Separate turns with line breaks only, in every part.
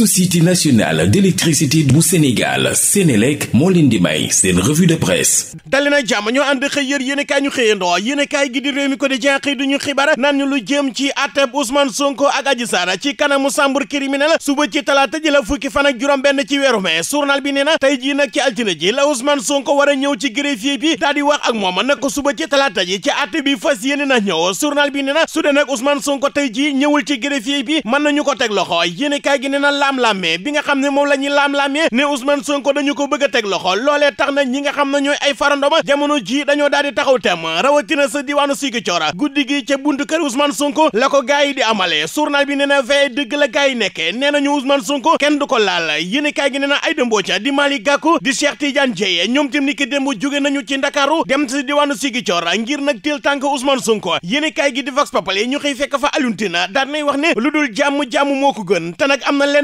société nationale d'électricité bu Sénégal Sénélec moo leen di may seen revue de presse dali na ñoo ànd xëy yër kaay ñu xëyandoo yéen kaay gi di réew mi ko di jenqëy duñu xibaar naan ñu lu jëm ci atteb Ousmane Sonko ak Adji Sarr ci kanamu chambre criminelle suba ci talaata ji la fukki fan juróom benn ci weeru mai journal bi nee na tey jii nag ci altine ji la Ousmane Sonko war a ñëw ci greffier bi daal di wax ak moom nag ko suba ci talaata ji ci bi fas yéene na ñëw journal bi nee na su dee nag Ousmane Sonko tey jii ñëwul ci greffier bi mën nañu ko teg loxo laam-laamee bi nga xam ne moom la ñuy laam-laamee ne Ousmane Sonko dañu ko bëgg a teg loxo loolee tax na ñi nga xam ne ñooy ay farandoma jamono ji dañoo daal di taxaw tem rawatina sa diwaanu Ziguinchor guddi gi ca buntu kër Ousmane Sonko la ko gaay yi di amale journal bi nee na veille dëgg la gaay yi nekkee nee nañu Ousmane Sonko kenn du ko laal yéene kaay gi nee na Aïda Mbodj di Malick di Cheikh Tidiane Dièye ñoom tim ni ki démb jóge nañu ci Ndakaaru dem ci diwaanu gi di Vox fa Alioune Tine daal nay wax ne lu dul jàmm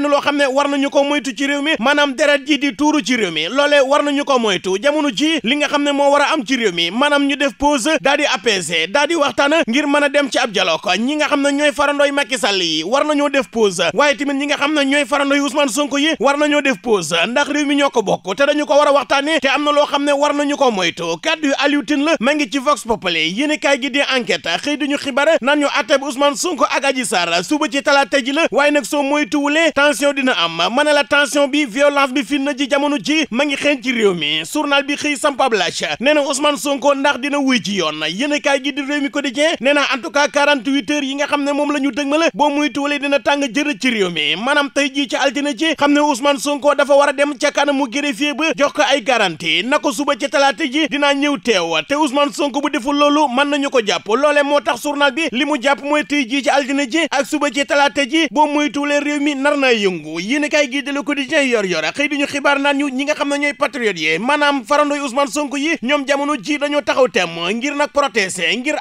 loo xam ne war nañu ko moytu ci réew mi maanaam deret ji di tuuru ci réew mi loolee war nañu ko moytu jamono ji li nga xam ne moo war a am ci réew mi maanaam ñu def pause daal di apaiser di waxtaan ngir mën a dem ci ab dialogue ñi nga xam ne ñooy farandooy Macky Sall yi war na ñoo def pause waaye tamit ñi nga xam ne ñooy farandooy Ousmane Sonko yi war nañoo def pause ndax réew mi ñoo ko bokk te dañu ko war a waxtaane te am na loo xam ne war nañu ko moytu kaddu yu la ma ngi ci Vox Populi yéen kaay gi di enquête xëy duñu xibaar naan ñu àtte bu Ousmane Sonko ak Adji Sarr suba ci talaata ji la waaye nag soo moytuwulee tension dina am ma ne la tension bi violence bi fin ji jamono ji ma ngi xeeñ ci réew mi bi xëy sampab laaj nee na Ousmane Sonko ndax dina wuy ci yoon yéenekaay gi di réew mi quotidien nee na en tout cas 48 heures yi nga xam ne moom la ñu dëgmale boo muy tuwale dina tàng jër ci réew mi maanaam tey jii ci altine ci xam ne Ousmane Sonko dafa war a dem ca kanamu greffier ba jox ko ay garantie na suba ci talaata ji dinaa ñëw teew te Ousmane Sonko bu deful loolu mën nañu ko jàpp loolee moo tax journal bi li mu jàpp mooy tey jii ci altine ji ak suba ci talaata ji boo muy tuwale mi nar na yëngu yéenekaay gi de Le Quotidien yor yor xëy di ñu xibaar naan ñu ñi nga xam ne ñooy patriotes yi maanaam farandoy Ousmane Sonko yi ñoom jamono ji dañoo taxaw tem ngir nag protester ngir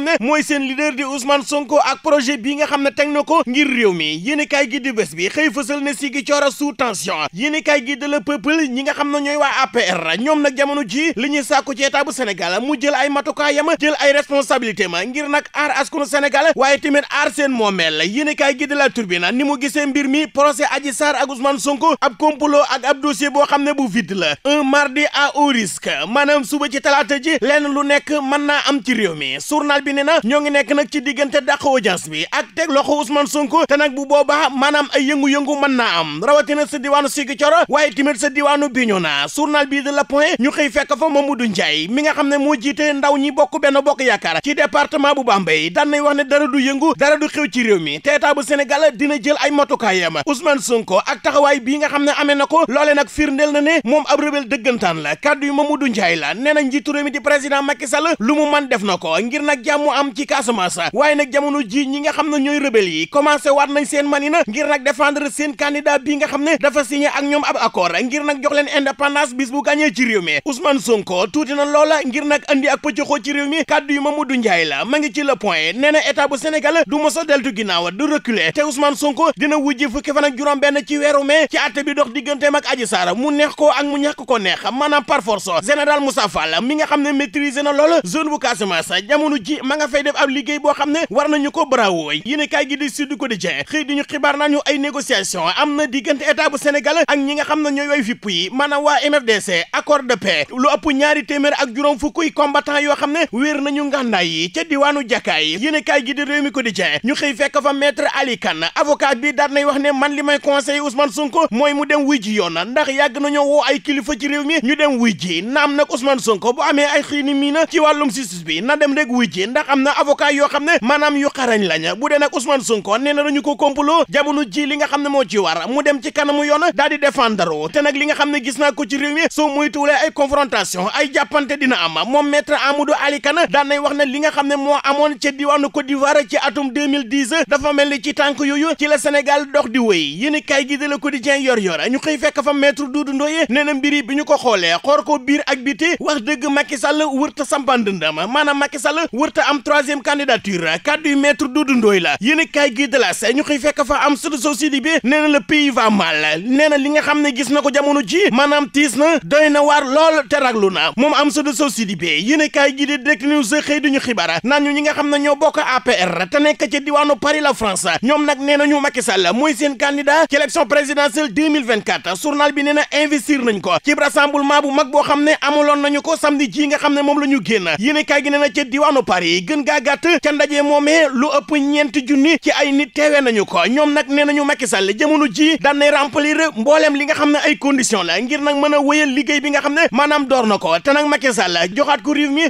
ne mooy seen leader di Ousmane Sonko ak projet bi nga xam ne teg na ko ngir réew mi yéenekaay gi di bés bi xëy fësal ne sigi coora sous tension yéenekaay gi de Le Peuple ñi nga xam ne ñooy waa APR ñoom nag jamono ji li ñuy sàkku ci état bu mu jël ay matukaayam jël ay responsabilité ma ngir nag aar askanu Sénégal waaye tamit aar seen moomeel yéenekaay gi de La Tribune ni mu procès Adji Sarr ak Ousmane Sonko ab complot ak ab dossier boo xam ne bu vide la un mardi à haut risque maanaam suba ci talaata ji lenn lu nekk mën naa am ci réew mi journal bi ne na ñoo ngi nekk nag ci diggante dàq audience bi ak teg loxo Ousmane Sonko te nag bu boobaa maanaam ay yëngu-yëngu mën naa am rawatina sa diwaanu Ziguinchor waaye tamit sa diwaanu Bignona journal bii de la point ñu xëy fekk fa Mamadou Ndiaye mi nga xam ne moo jiite ndaw ñi bokk benn bokk yaakaar ci département bu Bambey daan nay wax ne dara du yëngu dara du ci réew mi te état bu Sénégal dina jël ay matukaayam Ousmane Sonko ak taxawaay bii nga xam ne amee na ko loole nag firndeel na ne moom ab rebel dëggantaan la kàddu yu Mamadou Ndiaye la nee na njiitu réew mi di président Macky lu mu man def na ko ngir nag jàmm am ci Casamance waaye nag jamono ji ñi nga xam ne ñooy rebel yi commencé waat nañ seen na ngir nag défendre seen candidat bi nga xam ne dafa signé ak ñoom ab accord ngir nag jox leen indépendance bis bu gàñee ci réew mi Ousmane Sonko tuuti na loola ngir nag andi ak pëccëxoo ci réew mi kàddu yu Mamadou Ndiaye la ma ngi ci le point nee na état bu Sénégal du a deltu ginnaaw du reculer te Ousmane Sonko dina wujji fukki fan ak juróom benn ci weeru mai ci àtte bi dox digganteem ak Adji Sarr mu neex ko ak mu ñàkk ko neex maanaam par force général Moussa Fall mi nga xam ne maîtrisé na lool zone bu Casamance jamono ji ma nga fay def ab liggéey boo xam ne war nañu ko bravo yéene kaay gi di Sud Quotidien xëy di ñu xibaar nañu ay négociation am na diggante état bu Sénégal ak ñi nga xam ne ñooy way fipp yi maanaam waa MFDC accord de paix lu ëpp ñaari téeméer ak juróom fukkuy combattant yoo xam ne wéer nañu ngàndaay yi ca diwaanu jàkkaay yéene kaay gi di Rewmi Quotidien ñu xëy fekk fa bi daat nay wax ne man li may conseillé Ousmane Sonko mooy mu dem wu ji yoon ndax yàgg nañoo woo ay kilifa ci réew mi ñu dem wuy ji naam nag Ousmane Sonko bu amee ay xiini mii na ci wàllum justice bi na dem rek wuy ji ndax am na avocat yoo xam ne maanaam yu xarañ lañ bu dee nag Ousmane Sonko nee na dañu ko complot jamono ji li nga xam ne moo ci waara mu dem ci kanamu yoona daal di défendre te nag li nga xam ne gis naa ko ci réew mi soo moytuwulee ay confrontation ay jàppante dina am moom maître Amadou Ali Kane daan nay wax ne li nga xam ne moo amoon ca diwaanu Côte d'Ivoire ci atum 2010 dafa mel ni ci tànk yooyu ci la Sénégal dox di way yéen kaay gi de Le Quotidien yor yor ñu xëy fekk fa maître Doudou na ko xoolee xoor ko la yéen kaay gi de las ñu xëy fekk fa am sud société bi nee na le pays va mal nee na li nga xam ne gis na ko jamono ji maanaam tiis na doy na waar lool te raglu na moom am sud société bi yéen kaay gi de Direct News xëy duñu xibaar naan ñu ñi nga xam ne ñoo bokk APR te nekk ci diwaanu Paris la France ñoom nag nee nañu Macky Sall mooy seen candidat ci élection présidentielle 2024 journal bi nee investir nañ ko ci rassemblement bu mag boo xam ne amuloon nañu ko samedi ji nga xam ne moom la ñu génn yéene kaay gi nee na ca Paris gën gaa gàtt ca ndaje lu ëpp ñeenti junni ci ay nit teewee nañu ko ñoom nag nee nañu Macky Sall jamono ji daan nay remplir mbooleem li nga xam ne ay condition la ngir nag mën a wéyal liggéey bi nga xam ne maanaam door na ko te nag Macky Sall joxaat ko réew mi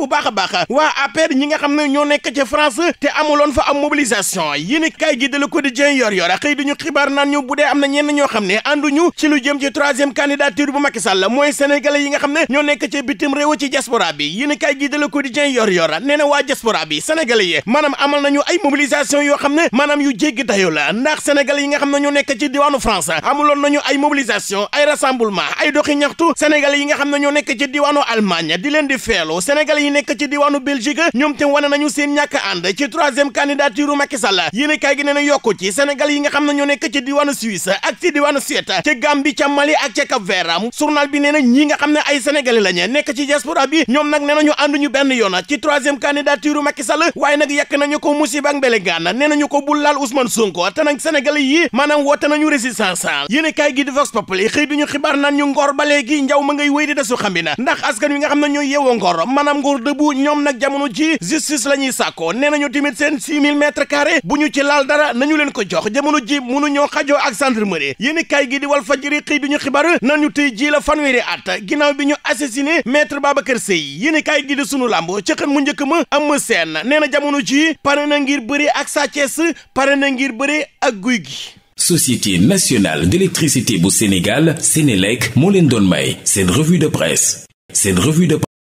bu baax a baax waa APR ñi nga xam ne ñoo nekk ca France te amuloon fa am mobilisation yéen i kaay gi de Le Quotidien yor yor xëy duñu xibaar nan ñu bu dee am na ñenn ñoo xam ne ànduñu ci lu jëm ci troisième candidature bu Macky Sall mooy sénégalais yi nga xam ne ñoo nekk ca bitim réew ci diaspora bi yéen i kaay gi de Le Quotidien yor yor nee na waa diaspora bi sénégalais yi maanaam amal nañu ay mobilisation yoo xam ne maanaam yu jéggi dayo la ndax sénégalais yi nga xam ne ñoo nekk ci diwaanu France amuloon nañu ay mobilisation ay rassemblement ay doxi ñaxtu sénégalais yi nga xam ne ñoo nekk ci diwaanu Allemagne di leen di feelu sénégalais yi nekk ci diwaanu Belgique ñoom tam wane nañu seen ñàkk ànd ci troisième candidature Macky Sall yéen kaay gi nee na yokku ci Sénégal yi nga xam ne ñoo ne ci diwaanu Suisse ak ci diwaanu Suède ca Gambie ca Mali ak ca Cap Vert journal bi nee na ñi nga xam ne ay sénégalais lañu nekk ci diaspora bi ñoom nag nee ñu ànduñu benn yoon ci troisième candidature Macky Sall waaye nag yàq nañu ko musiba ak mbelengaan nee nañu ko bul laal Ousmane Sonko te nag sénégalais yi maanaam woote nañu résistance yéen kaay gi di Vox Populi xëy duñu xibaar naan ñu ngor ba léegi njaw ma ngay wéy xam bi na ndax askan wi nga xam ne ñooy yeewoo ngor maanaam nguur debout ñoom nag jamono ji justice la ñuy sàkkoo nee nañu timit seen six mille mètres bu ñu ci laal dara nañu leen ko jox jamono ji mënuñoo xajoo ak gendarmerie yéeni kaay gi di wal fajiri xëy duñu xibaar nañu tey ji la fanweeri at ginnaaw bi ñu assassiné maître Babacar Sèye yéeni kaay gi di sunu làmb ci xën mu njëkk ma am seen nee na jamono ji pare na ngir bëri ak Sa Thiès pare na ngir bëri ak guy gi Société nationale d'électricité bu Sénégal Sénélec moo leen doon may seen revue de presse seen revue